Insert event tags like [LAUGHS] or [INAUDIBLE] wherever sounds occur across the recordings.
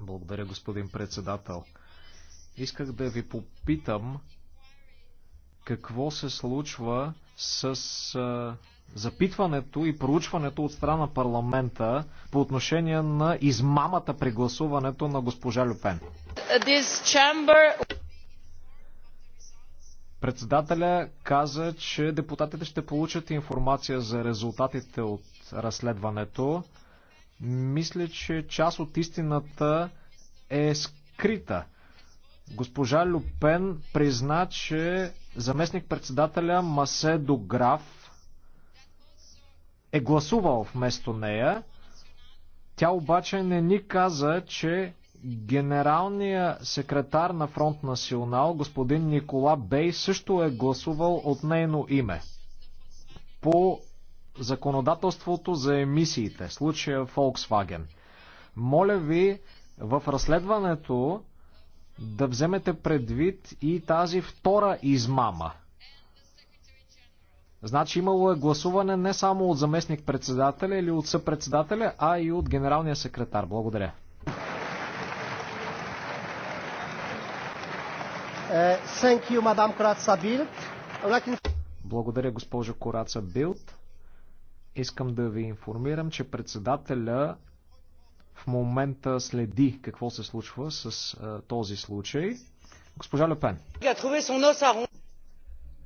Благодаря, господин председател. Исках да ви попитам какво се случва с запитването и проучването от страна на парламента по отношение на измамата при гласуването на госпожа Люпен. Chamber... Председателя каза, че депутатите ще получат информация за резултатите от разследването. Мисля, че част от истината е скрита. Госпожа Люпен призна, че заместник-председателя Маседо Граф е гласувал вместо нея. Тя обаче не ни каза, че генералният секретар на Фронт Национал, господин Никола Бей, също е гласувал от нейно име. По законодателството за емисиите, случая Volkswagen. Моля ви в разследването да вземете предвид и тази втора измама. Значи имало е гласуване не само от заместник-председателя или от съпредседателя, а и от генералния секретар. Благодаря. Е, Благодаря, госпожо Кораца Билт. Искам да ви информирам, че председателя в момента следи какво се случва с а, този случай. Госпожа Лепен.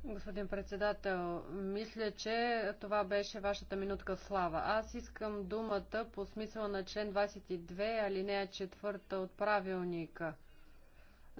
Господин председател, мисля, че това беше вашата минутка слава. Аз искам думата по смисъла на член 22, алинея 4 от правилника.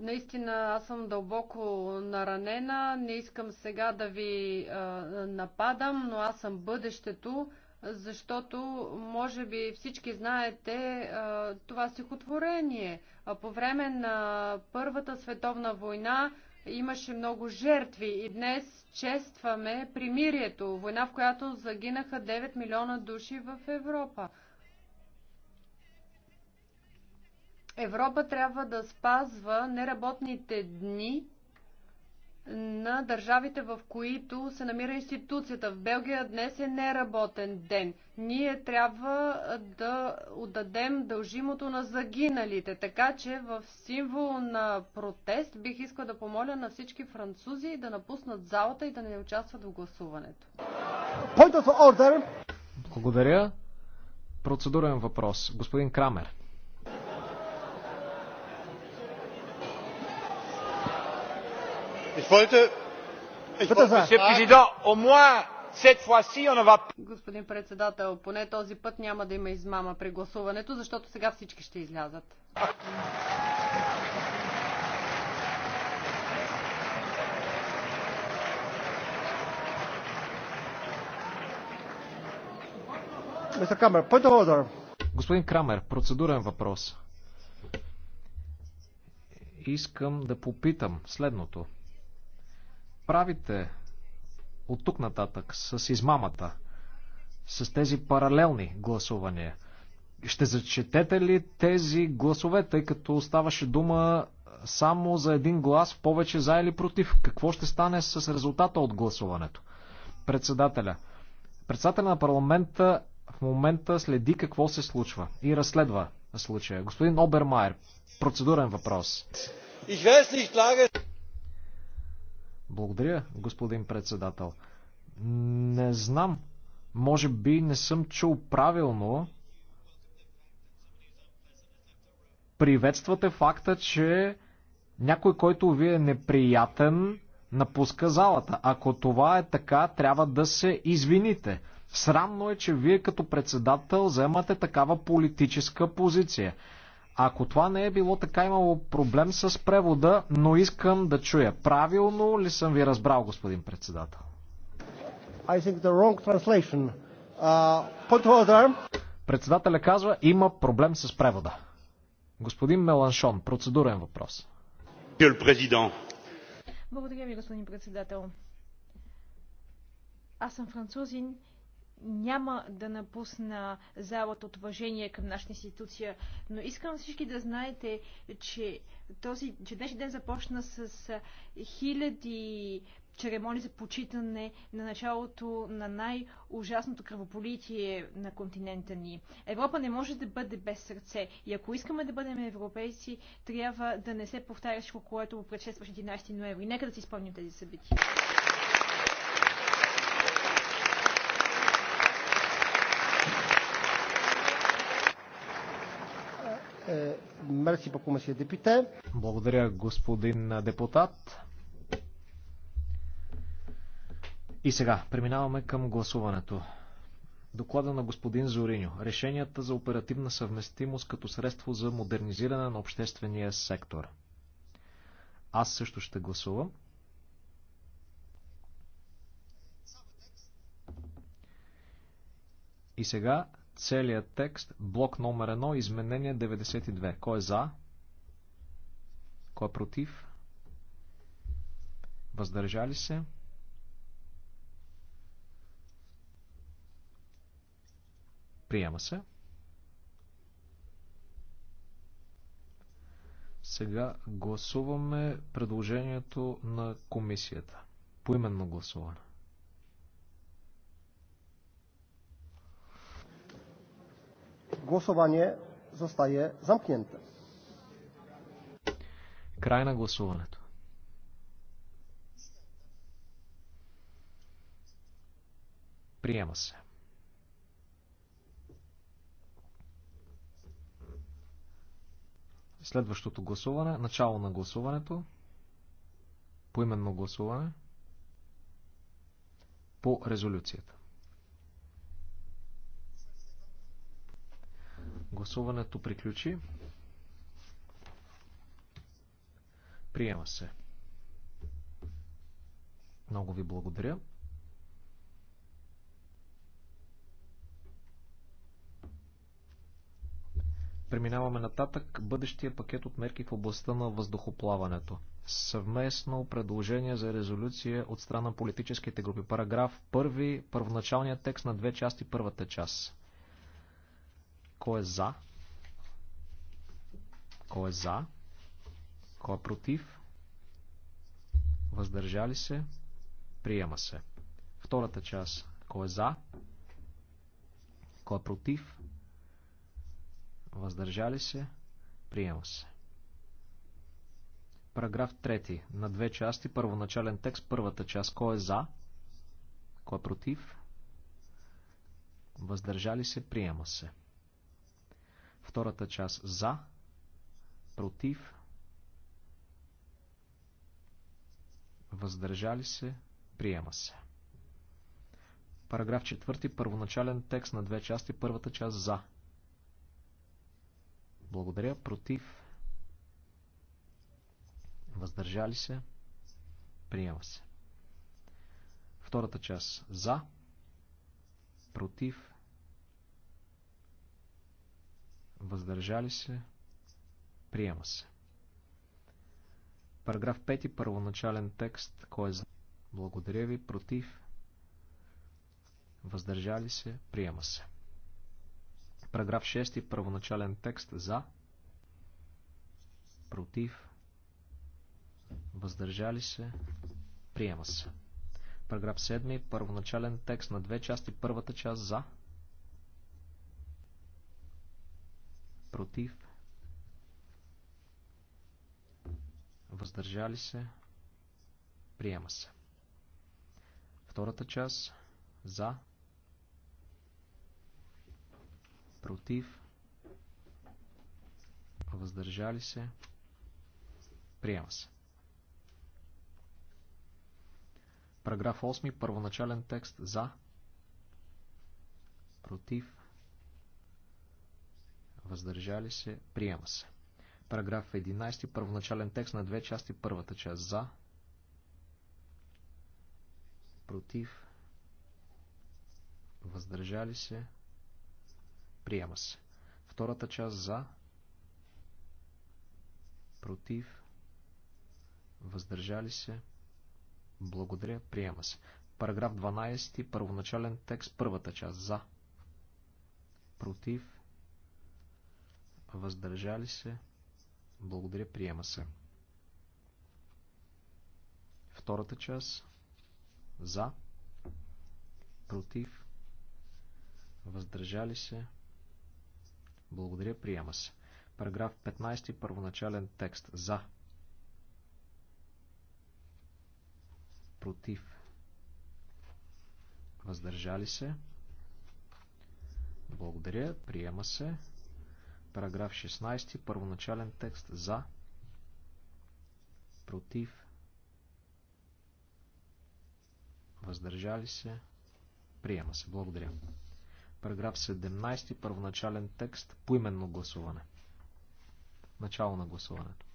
Наистина аз съм дълбоко наранена. Не искам сега да ви а, нападам, но аз съм бъдещето, защото може би всички знаете а, това стихотворение. А по време на Първата световна война имаше много жертви и днес честваме примирието, война в която загинаха 9 милиона души в Европа. Европа трябва да спазва неработните дни на държавите, в които се намира институцията. В Белгия днес е неработен ден. Ние трябва да отдадем дължимото на загиналите. Така че в символ на протест бих искал да помоля на всички французи да напуснат залата и да не участват в гласуването. Благодаря. Процедурен въпрос. Господин Крамер. Господин председател, поне този път няма да има измама при гласуването, защото сега всички ще излязат. Господин Крамер, процедурен въпрос. Искам да попитам следното правите от тук нататък с измамата, с тези паралелни гласувания? Ще зачетете ли тези гласове, тъй като оставаше дума само за един глас повече за или против? Какво ще стане с резултата от гласуването? Председателя. Председателя на парламента в момента следи какво се случва и разследва случая. Господин Обермайер, процедурен въпрос. Благодаря, господин председател. Не знам, може би не съм чул правилно. Приветствате факта, че някой, който ви е неприятен, напуска залата. Ако това е така, трябва да се извините. Срамно е, че вие като председател вземате такава политическа позиция. Ако това не е било така, имало проблем с превода, но искам да чуя. Правилно ли съм ви разбрал, господин председател? I think the wrong translation. Uh, put order. Председателя казва, има проблем с превода. Господин Меланшон, процедурен въпрос. Благодаря ви, господин председател. Аз съм французин няма да напусна залата от уважение към нашата институция, но искам всички да знаете, че този че днешния ден започна с хиляди черемони за почитане на началото на най-ужасното кръвополитие на континента ни. Европа не може да бъде без сърце и ако искаме да бъдем европейци, трябва да не се повтаря всичко, което предшестваше 11 ноември. Нека да си спомним тези събития. Мерси по комисия депите. Благодаря, господин депутат. И сега преминаваме към гласуването. Доклада на господин Зориньо. Решенията за оперативна съвместимост като средство за модернизиране на обществения сектор. Аз също ще гласувам. И сега целият текст, блок номер 1, изменение 92. Кой е за? Кой е против? Въздържали се? Приема се. Сега гласуваме предложението на комисията. Поименно гласуване. Głosowanie zostaje zamknięte. Край на гласуването. Приема се. Следващото гласуване, начало на гласуването, поименно гласуване по резолюцията. Гласуването приключи. Приема се. Много ви благодаря. Преминаваме нататък бъдещия пакет от мерки в областта на въздухоплаването. Съвместно предложение за резолюция от страна политическите групи. Параграф 1. Първоначалният текст на две части. Първата част. Кой е за? Кой е за? Кой е против? Въздържали се? Приема се. Втората част. Кой е за? Кой е против? Въздържали се? Приема се. Параграф 3. На две части. Първоначален текст. Първата част. Кой е за? Кой е против? Въздържали се? Приема се. Втората част за, против, въздържали се, приема се. Параграф 4. Първоначален текст на две части. Първата част за. Благодаря. Против. Въздържали се. Приема се. Втората част за. Против. въздържали се, приема се. Параграф 5, първоначален текст, кой е за? Благодаря ви, против, въздържали се, приема се. Параграф 6, първоначален текст, за, против, въздържали се, приема се. Параграф 7, първоначален текст на две части, първата част за, против, въздържали се, приема се. Втората част за, против, въздържали се, приема се. Параграф 8, първоначален текст за, против, въздържали се, приема се. Параграф 11, първоначален текст на две части, първата част за, против, въздържали се, приема се. Втората част за, против, въздържали се, благодаря, приема се. Параграф 12, първоначален текст, първата част за, против, въздържали се, благодаря, приема се. Втората част, за, против, въздържали се, благодаря, приема се. Параграф 15, първоначален текст, за, против, въздържали се, благодаря, приема се. Параграф 16, първоначален текст за, против, въздържали се, приема се. Благодаря. Параграф 17, първоначален текст, поименно гласуване. Начало на гласуването.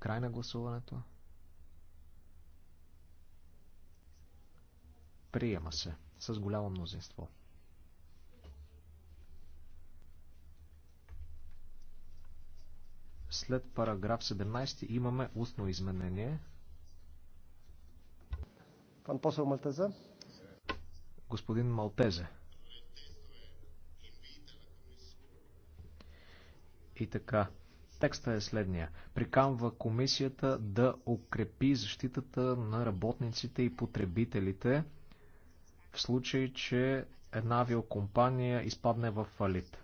Край на гласуването. Приема се с голямо мнозинство. След параграф 17 имаме устно изменение. Пан посъл Малтезе. Господин Малтезе. И така. Текста е следния. Прикамва комисията да укрепи защитата на работниците и потребителите в случай, че една авиокомпания изпадне в фалит.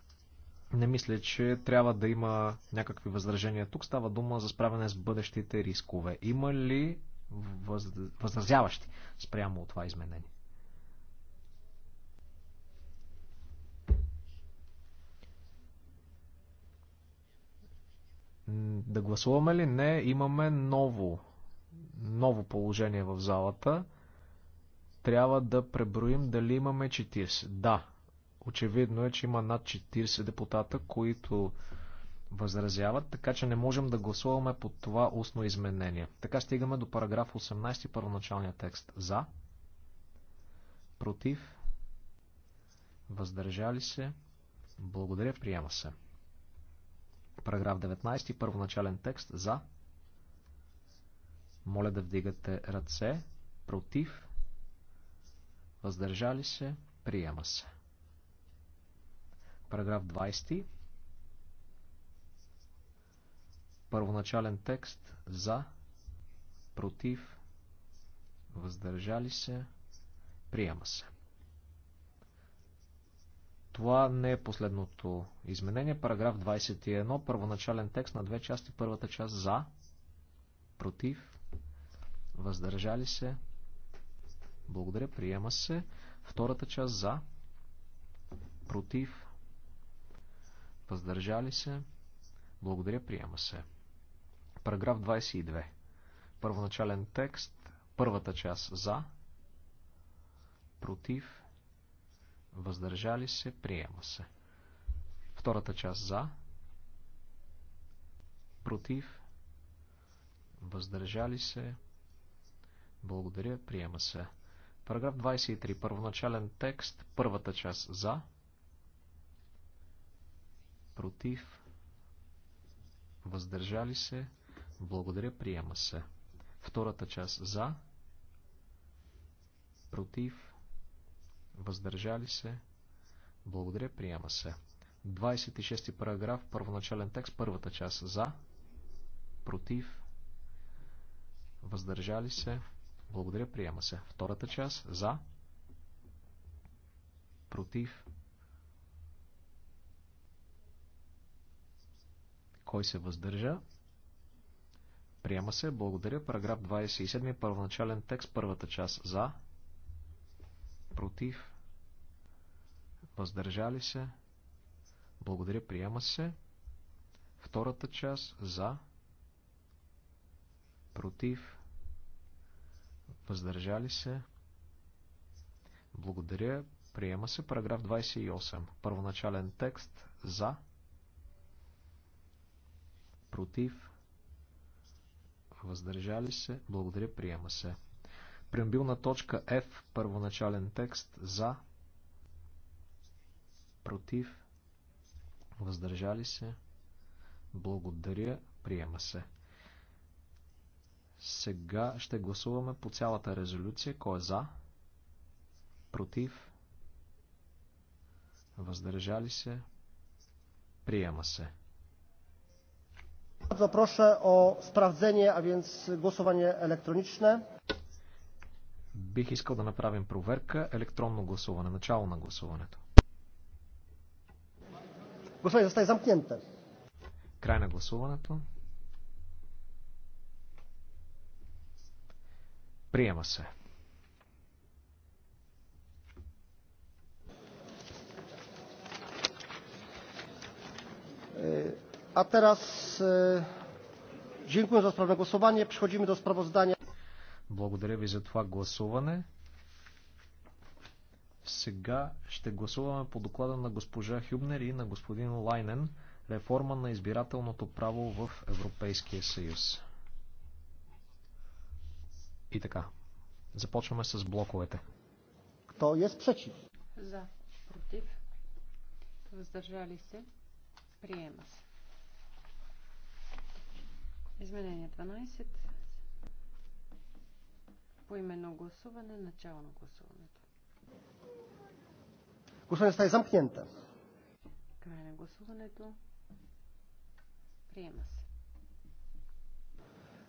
Не мисля, че трябва да има някакви възражения. Тук става дума за справяне с бъдещите рискове. Има ли въз... възразяващи спрямо от това изменение? Да гласуваме ли? Не. Имаме ново, ново положение в залата. Трябва да преброим дали имаме 40. Да, очевидно е, че има над 40 депутата, които възразяват, така че не можем да гласуваме под това устно изменение. Така стигаме до параграф 18, първоначалния текст. За, против, въздържали се, благодаря, приема се. Параграф 19, първоначален текст. За, моля да вдигате ръце, против, въздържали се, приема се. Параграф 20. Първоначален текст за, против, въздържали се, приема се. Това не е последното изменение. Параграф 21. Първоначален текст на две части. Първата част за, против, въздържали се, благодаря, приема се. Втората част за, против, въздържали се. Благодаря, приема се. Параграф 22. Първоначален текст. Първата част за, против, въздържали се, приема се. Втората част за, против, въздържали се, благодаря, приема се. Параграф 23. Първоначален текст. Първата част за. Против. Въздържали се. Благодаря. Приема се. Втората част за. Против. Въздържали се. Благодаря. Приема се. 26 параграф. Първоначален текст. Първата част за. Против. Въздържали се. Благодаря, приема се. Втората част за. Против. Кой се въздържа? Приема се. Благодаря. Параграф 27. Първоначален текст. Първата част. За. Против. Въздържали се. Благодаря. Приема се. Втората част. За. Против въздържали се. Благодаря. Приема се параграф 28. Първоначален текст за, против, въздържали се. Благодаря. Приема се. Преамбилна точка F. Първоначален текст за, против, въздържали се. Благодаря. Приема се. Сега ще гласуваме по цялата резолюция. Кой е за? Против? Въздържали се? Приема се. Bardzo о справдзение, а więc гласуване електронично. Бих искал да направим проверка електронно гласуване, начало на гласуването. Гласуване, застай замкнете. Край на гласуването. Приема се. А teraz e, dziękuję za sprawne głosowanie. Przechodzimy do sprawozdania. Благодаря ви за това гласуване. Сега ще гласуваме по доклада на госпожа Хюбнер и на господин Лайнен реформа на избирателното право в Европейския съюз. И така. Започваме с блоковете. Кто е спречив? За. Против. Въздържали се. Приема се. Изменение 12. Поименно гласуване. Начало на гласуването. Гласуване е замкнента. Край на гласуването. Приема се.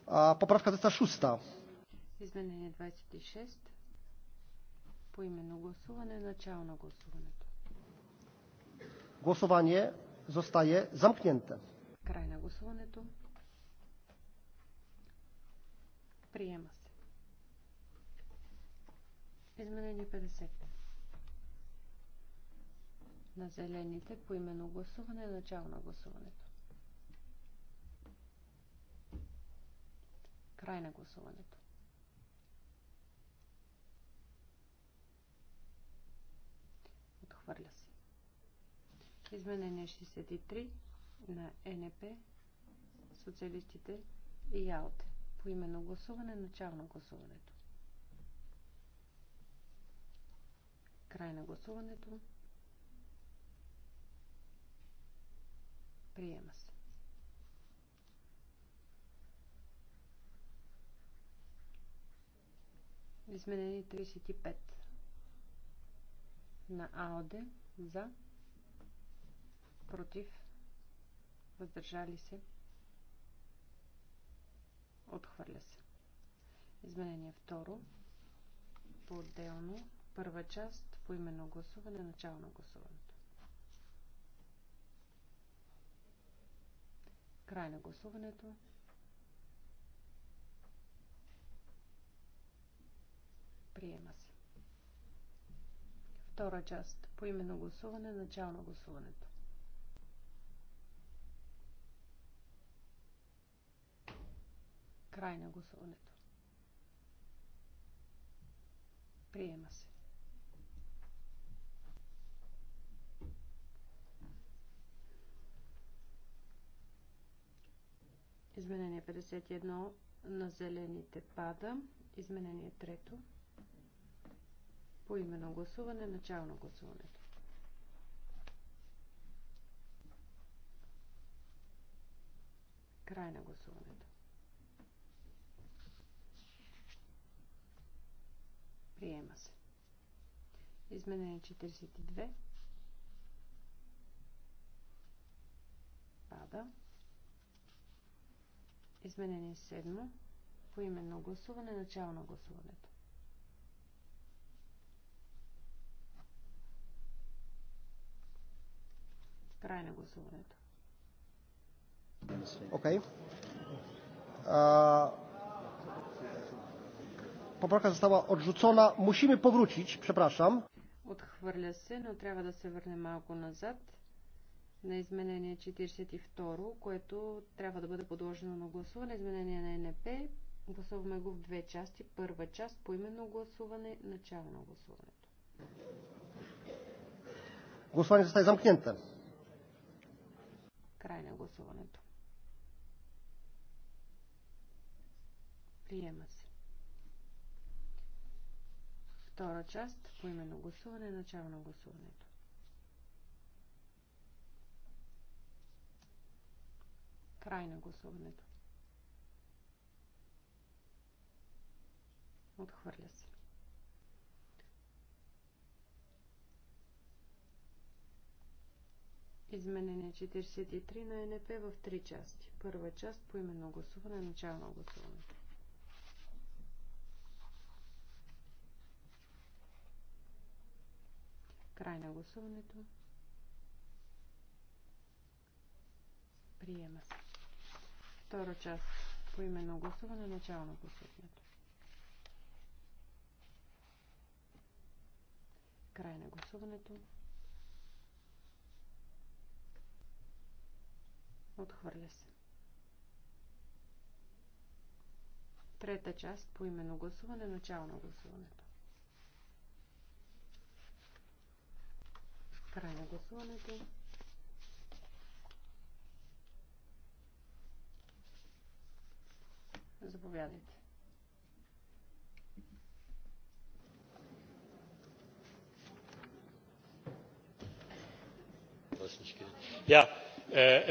А, поправката е шуста. Изменение 26. По именно гласуване. Начало на гласуването. Głosowanie застае замкнента. Край на гласуването. Приема се. Изменение 50. На зелените по именно гласуване, начало на гласуването. Край на гласуването. Отхвърля се. Изменение 63 на НП, социалистите и ЯОТЕ. По именно гласуване, начално гласуването. Край на гласуването. Приема се. Изменение 35 на АОДЕ за, против, въздържали се, отхвърля се. Изменение второ, по-отделно, първа част, по именно гласуване, начало на гласуването. Край на гласуването. Приема се. Втора част. По гласуване. Начало на гласуването. Край на гласуването. Приема се. Изменение 51 на зелените пада. Изменение 3. По именно гласуване, начално гласуването. Край на гласуването. Приема се. Изменение 42. Пада. Изменение 7. Поименно гласуване, начало на гласуването. Край на гласуването. Окей. Okay. Uh, poprawka została odrzucona. Musimy powrócić, przepraszam. Отхвърля се, но трябва да се върне малко назад на изменение 42, което трябва да бъде подложено на гласуване. Изменение на НП. Гласуваме го в две части. Първа част по именно гласуване, начало на гласуването. Гласуване zostaje zamknięte. Край на гласуването. Приема се. Втора част, по именно гласуване, начало на гласуването. Край на гласуването. Отхвърля се. Изменение 43 на НП в три части. Първа част по именно гласуване, начално гласуване. Край на гласуването. Приема се. Втора част по именно гласуване, начало на гласуването. Край на гласуването. Отхвърля се. Трета част по именно гласуване, начало на гласуването. Край на гласуването. Заповядайте. Yeah. Е,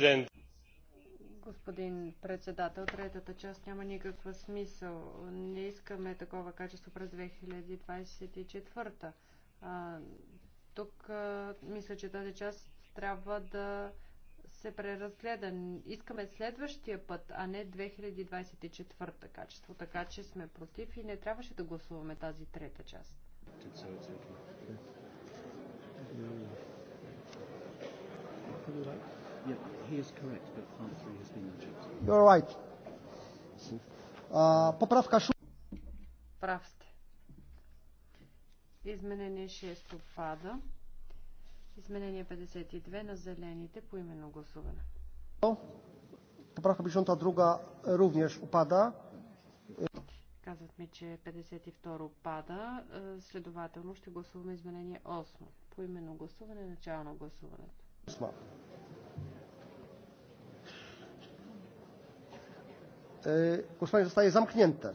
е, Господин председател, третата част няма никакъв смисъл. Не искаме такова качество през 2024. тук мисля, че тази част трябва да се преразгледа. Искаме следващия път, а не 2024 качество. Така че сме против и не трябваше да гласуваме тази трета част. You're right. Uh, поправка шу... Прав сте. Изменение 6 отпада. Изменение 52 на зелените по именно гласуване. Поправка друга również упада. Казват ми, че 52 отпада. Е, следователно ще гласуваме изменение 8. По именно гласуване, начало на гласуването. Głosowanie zostaje е, е замкнента.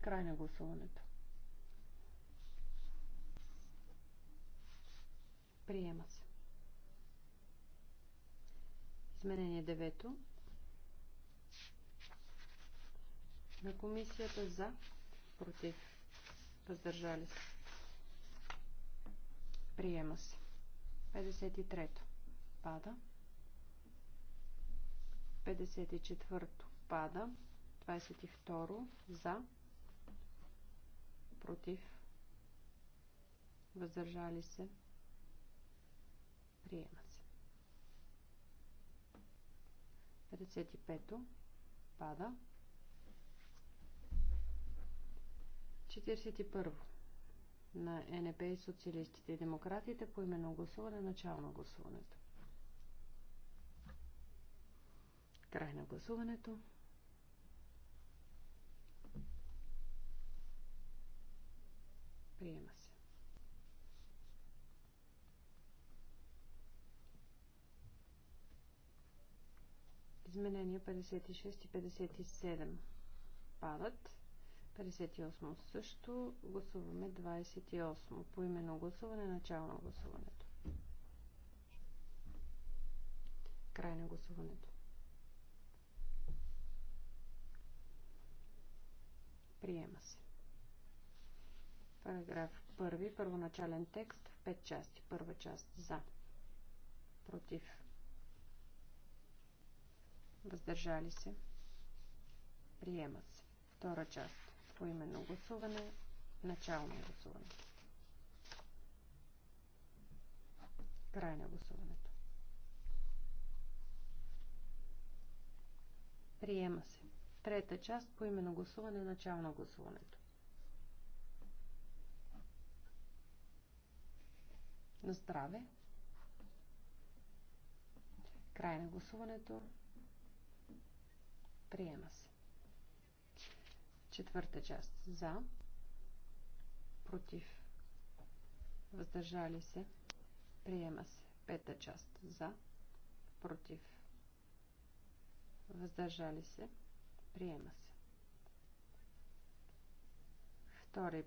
Край на гласуването. Приема се. Изменение 9 на комисията за против въздържали се. Приема се. 53-то пада. 54-то пада. 22-ро за. Против. Въздържали се. Приема се. 55-то пада. 41-во на НП и социалистите и демократите по именно гласуване, начало на гласуването. Край на гласуването. Приема се. Изменения 56 и 57 падат. 58 също. Гласуваме 28. По именно гласуване, начало на гласуването. Край на гласуването. Приема се. Параграф 1. Първоначален текст в 5 части. Първа част за. Против. Въздържали се. Приема се. Втора част по гласуване, начално гласуване. Край на гласуването. Приема се. Трета част по гласуване, начало на гласуването. На здраве. Край на гласуването. Приема се. Четвърта част. За. Против. Въздържали се. Приема се. Пета част. За. Против. Въздържали се. Приема се. Втори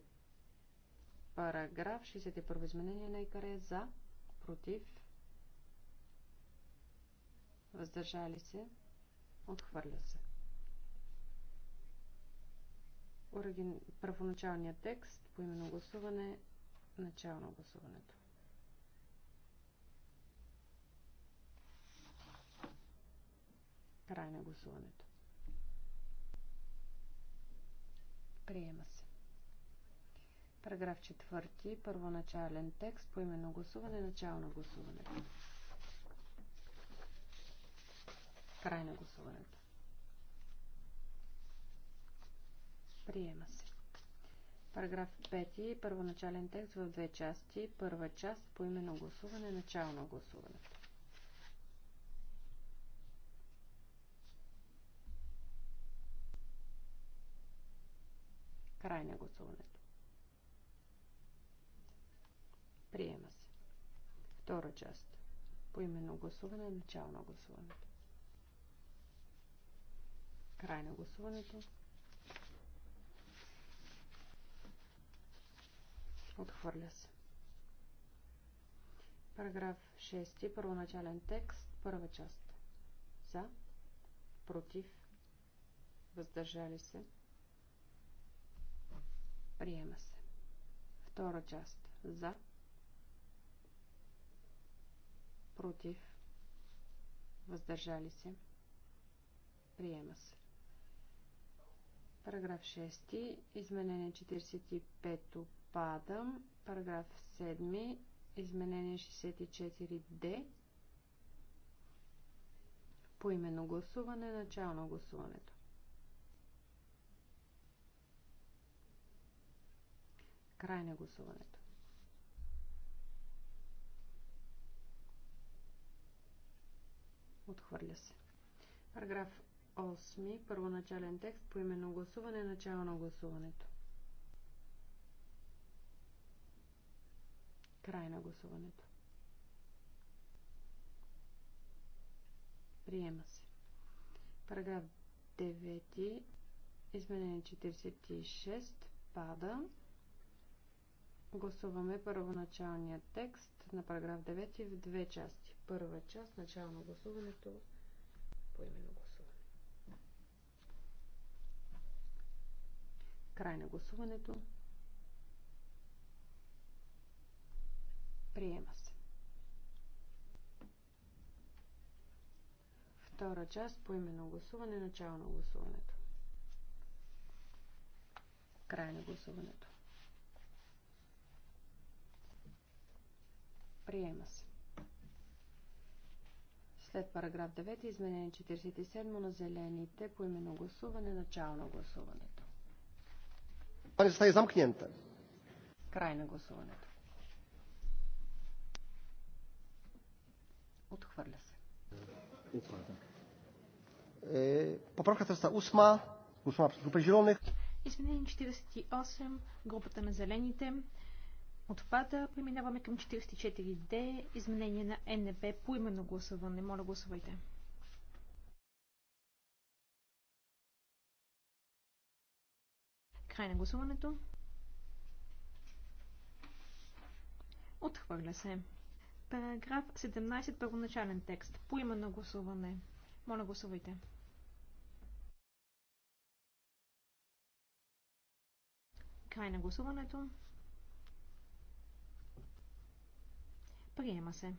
параграф. 61 изменение на Икаре. За. Против. Въздържали се. Отхвърля се. Оригин... Първоначалния текст по именно гласуване, начало на гласуването. Край на гласуването. Приема се. Параграф 4. Първоначален текст по именно гласуване, начало на гласуването. Край на гласуването. Приема се. Параграф 5. Първоначален текст в две части. Първа част по именно гласуване, начало на гласуването. Край на гласуването. Приема се. Втора част. По именно гласуване, начало на гласуването. Край на гласуването. Отхвърля се. Параграф 6. Първоначален текст. Първа част. За. Против. Въздържали се. Приема се. Втора част. За. Против. Въздържали се. Приема се. Параграф 6. Изменение 45 отпада. Параграф 7. Изменение 64D. именно гласуване. Начало на гласуването. Край на гласуването. Отхвърля се. Параграф 8. Първоначален текст. именно гласуване. Начало на гласуването. Край на гласуването. Приема се. Параграф 9. Изменение 46. Пада. Гласуваме първоначалния текст на параграф 9 в две части. Първа част, начало на гласуването, поименно гласуване. Край на гласуването. Приема се. Втора част по именно гласуване, начало на гласуването. Край на гласуването. Приема се. След параграф 9, изменение 47 на зелените по именно гласуване, начало на гласуването. Край на гласуването. Отхвърля се. Е, поправка 308. Усма, група Жироних. Изменение 48. Групата на зелените. Отпада. Преминаваме към 44D. Изменение на НБ. по именно гласуване. Моля, гласувайте. Край на гласуването. Отхвърля се. Параграф 17, първоначален текст. Поименно гласуване. Моля, гласувайте. Край на гласуването. Приема се.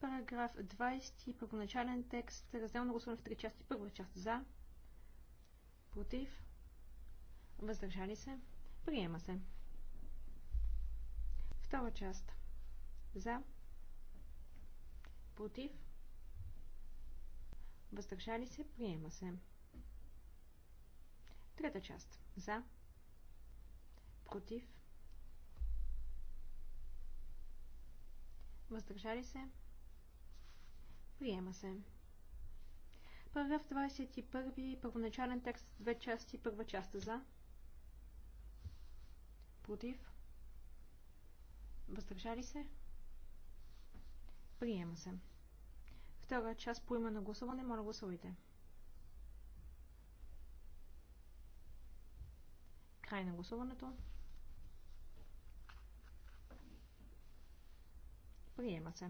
Параграф 20, първоначален текст, разделно гласуване в три части. Първа част за, против, въздържали се, приема се. Втора част. За. Против. Въздържали се. Приема се. Трета част. За. Против. Въздържали се. Приема се. Параграф 21. Първоначален текст. Две части. Първа част за. Против. Въздържали се? Приема се. Втора част по име на гласуване. Моля гласувайте. Край на гласуването. Приема се.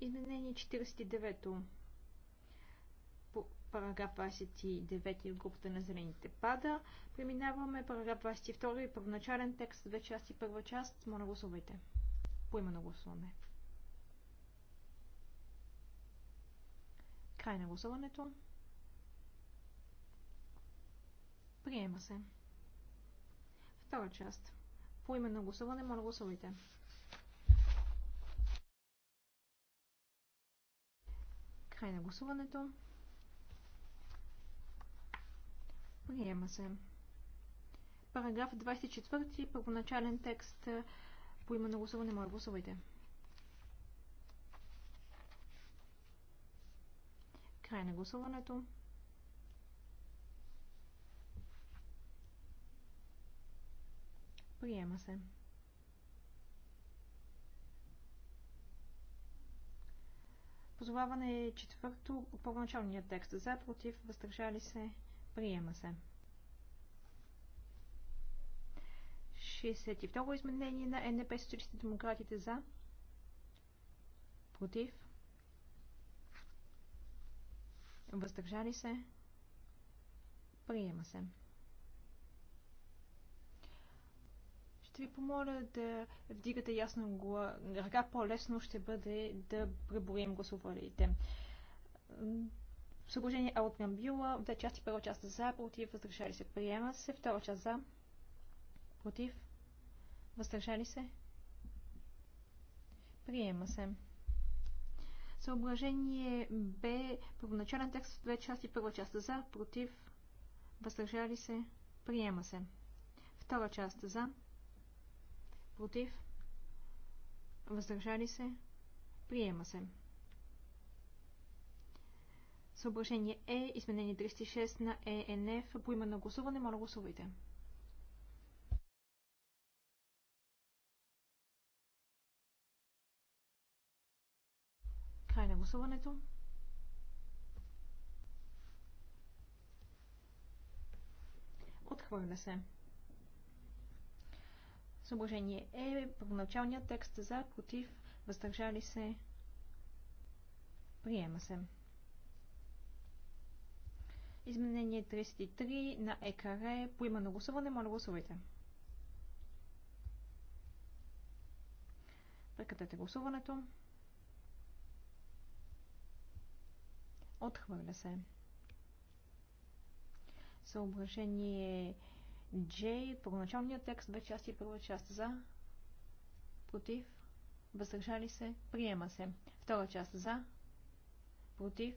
Изменение 49-то. Параграф 29 от групата на зелените пада. Преминаваме параграф 22, първоначален текст, две части, първа част. Моля гласувайте. на гласуване. Край на гласуването. Приема се. Втора част. По на гласуване, моля гласувайте. Край на гласуването. Приема се. Параграф 24, първоначален текст по име на гласуване. Моля, гласувайте. Край на гласуването. Приема се. Позоваване е четвърто, първоначалният текст. За, против, въздържали се, Приема се. 62 изменение на НП Социалистите демократите за. Против. Въздържали се. Приема се. ще ви помоля да вдигате ясно ръка. По-лесно ще бъде да преборим гласувалите. Съображение А от Две части. Първа част за, против, въздържали се. Приема се. Втора част за, против, въздържали се. Приема се. Съображение Б. Първоначален текст две части. Първа част за, против, въздържали се. Приема се. Втора част за, против, въздържали се. Приема се. Съображение Е, изменение 36 на ЕНФ. По има на гласуване, моля гласувайте. Край на гласуването. Отхвърля се. Съображение е първоначалният текст за, против, въздържали се, приема се. Изменение 33 на ЕКР. По има гласуване, моля гласувайте. Прекратете гласуването. Отхвърля се. Съображение J. Първоначалният текст, две части, първа част за, против, въздържали се, приема се. Втора част за, против,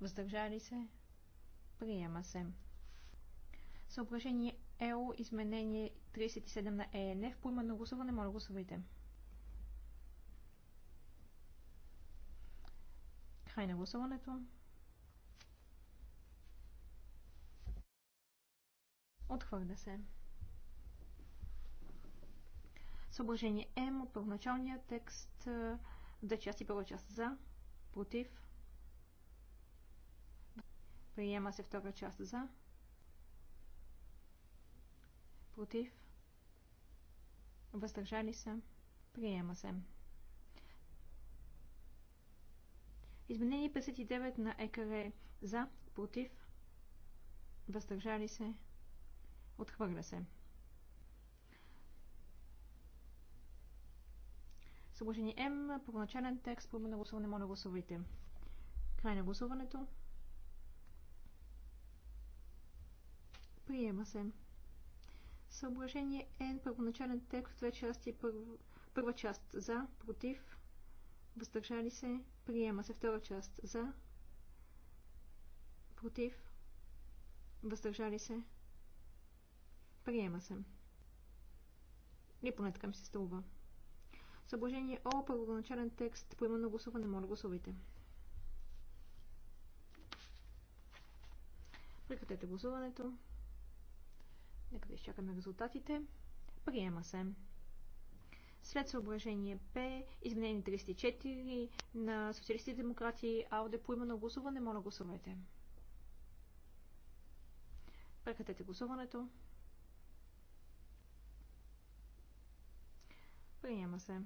въздържали се, Приема се. Съображение ЕО, изменение 37 на ЕНФ. По на гласуване, моля гласувайте. Край на гласуването. Отхвърля се. Съображение М от първоначалния текст. Две части, първа част за, против, Приема се втора част за. Против. Въздържали се. Приема се. Изменение 59 на ЕКР за, против, въздържали се, отхвърля се. Съображение М, първоначален текст, първо на гласуване, моля гласувайте. Край на гласуването. Приема се. Съображение Н. Първоначален текст, две части. Първо, първа част за, против, въздържали се. Приема се. Втора част за, против, въздържали се. Приема се. Или поне така ми се струва. Съображение О. Първоначален текст. По именно гласуване. Моля гласувайте. Прекратете гласуването. Нека да изчакаме резултатите. Приема се. След съображение П, изменение 34 на социалисти и демократи, АОД по на гласуване, моля гласувайте. Прекратете гласуването. Приема се.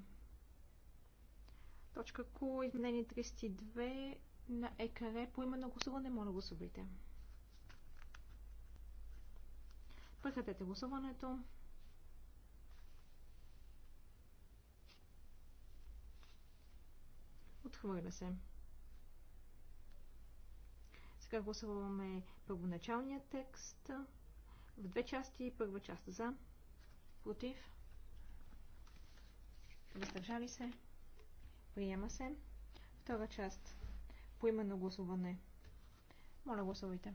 Точка Q, изменение 32 на ЕКР, по на гласуване, моля гласувайте. Прекратете гласуването. Отхвърля се. Сега гласуваме първоначалния текст в две части. Първа част за, против, въздържали се, приема се. Втора част поименно гласуване. Моля гласувайте.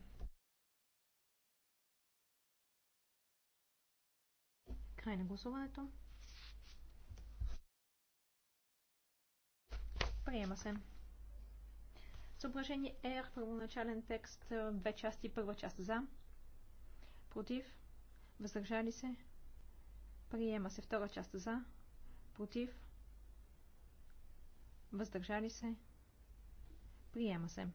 Край на гласуването. Приема се. Съображение R, първоначален текст, е, две части, първа част за, против, въздържали се, приема се втора част за, против, въздържали се, приема се.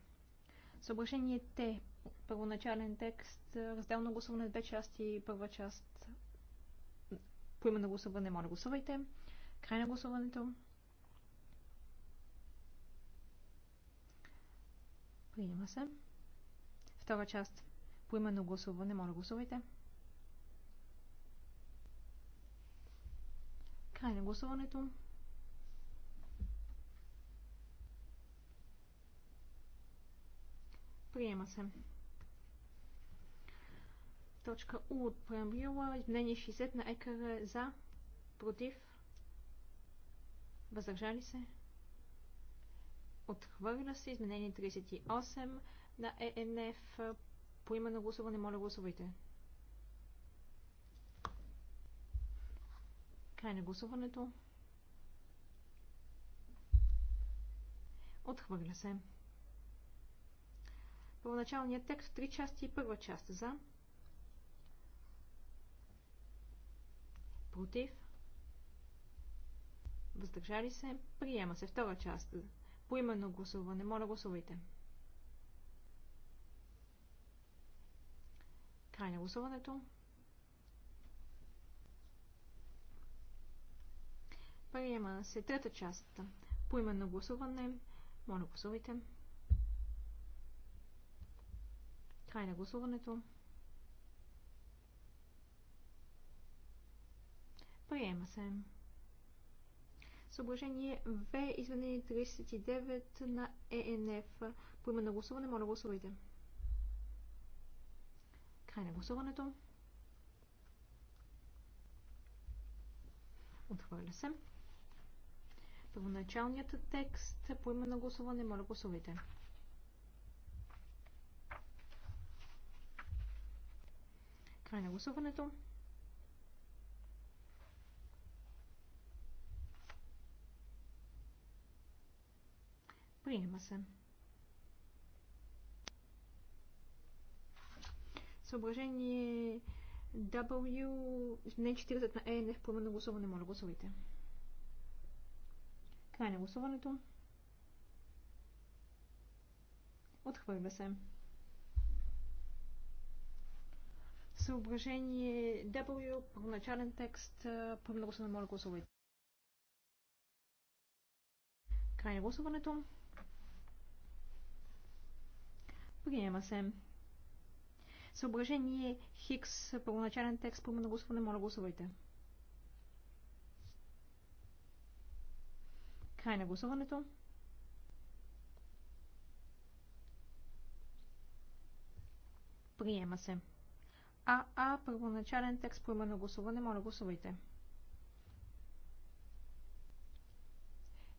Съображение Т, първоначален текст, е, разделно гласуване, две части, първа част ако има на гласуване, моля гласувайте. Край на гласуването. Приема се. Втора част. По име на гласуване, моля гласувайте. Край на гласуването. Приема се. Точка У от преамбрила, изменение 60 на екара е за, против, въздържали се. Отхвърля се изменение 38 на ЕНФ. По име на гласуване, моля гласувайте. Край на гласуването. Отхвърля се. Първоначалният текст в три части и първа част за, против, въздържали се, приема се. Втора част. Поименно гласуване. Моля, гласувайте. Край на гласуването. Приема се трета част. Поименно гласуване. Моля, гласувайте. Край на гласуването. Приема се. Съображение В, изменение 39 на ЕНФ. По име на гласуване, моля гласувайте. Край на гласуването. Отхвърля се. Първоначалният текст по име на гласуване, моля гласувайте. Край на гласуването. Приема се. Съображение W, не 40 на E, не в по на гласуване. Моля, гласувайте. Край на гласуването. Отхвърля се. Съображение W, първоначален текст, първо на гласуване. Моля, гласувайте. Край на гласуването. Приема се. Съображение Хикс, първоначален текст, промена гласуване, моля гласувайте. Край на гласуването. Приема се. АА, първоначален текст, промена гласуване, моля гласувайте.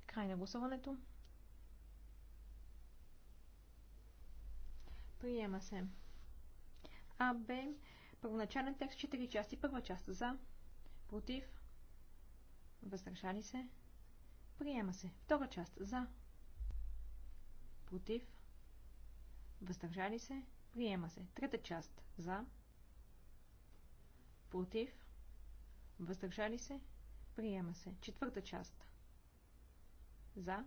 Край на гласуването. Приема се. А, Б. Първоначален текст, 4 части. Първа част за. Против. Въздържали се. Приема се. Втора част за. Против. Въздържали се. Приема се. Трета част за. Против. Въздържали се. Приема се. Четвърта част. За.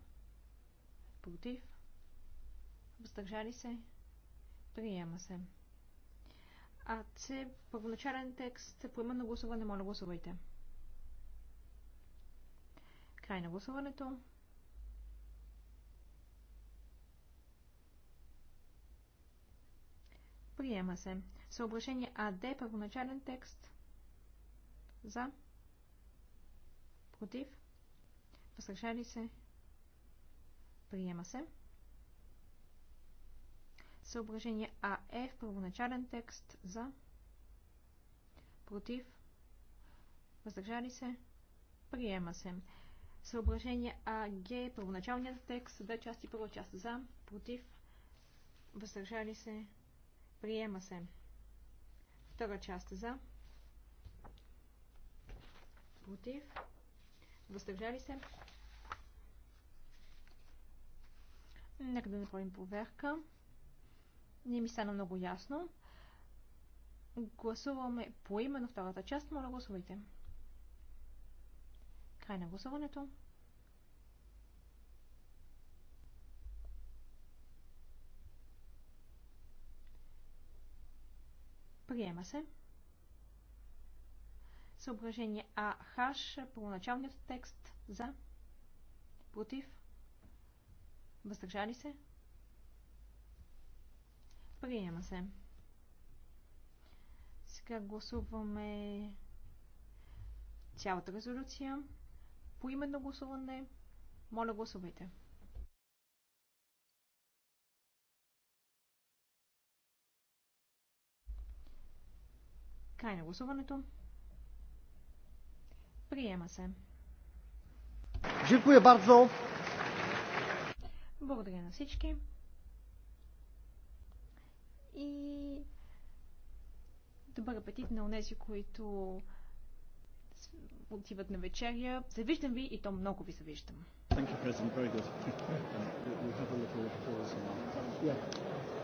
Против. Въздържали се. Приема се. А С първоначален текст поема на гласуване. Моля гласувайте. Край на гласуването. Приема се. Съображение АД, първоначален текст. За. Против. Възражали се. Приема се. Съображение е в първоначален текст за, против, въздържали се, приема се. Съображение АГ, първоначалният текст, две части, първа част за, против, въздържали се, приема се. Втора част за, против, въздържали се. Нека да направим проверка. Не ми стана много ясно. Гласуваме по именно втората част. Моля, гласувайте. Край на гласуването. Приема се. Съображение А. Хаш. Първоначалният текст. За. Против. Въздържали се. Приема се. Сега гласуваме цялата резолюция. По именно гласуване. Моля, гласувайте. Край на гласуването. Приема се. Благодаря на всички и добър апетит на онези, които отиват на вечеря. Завиждам ви и то много ви завиждам. Thank you, President. Very good. [LAUGHS] Um, we'll have a little pause now. Yeah.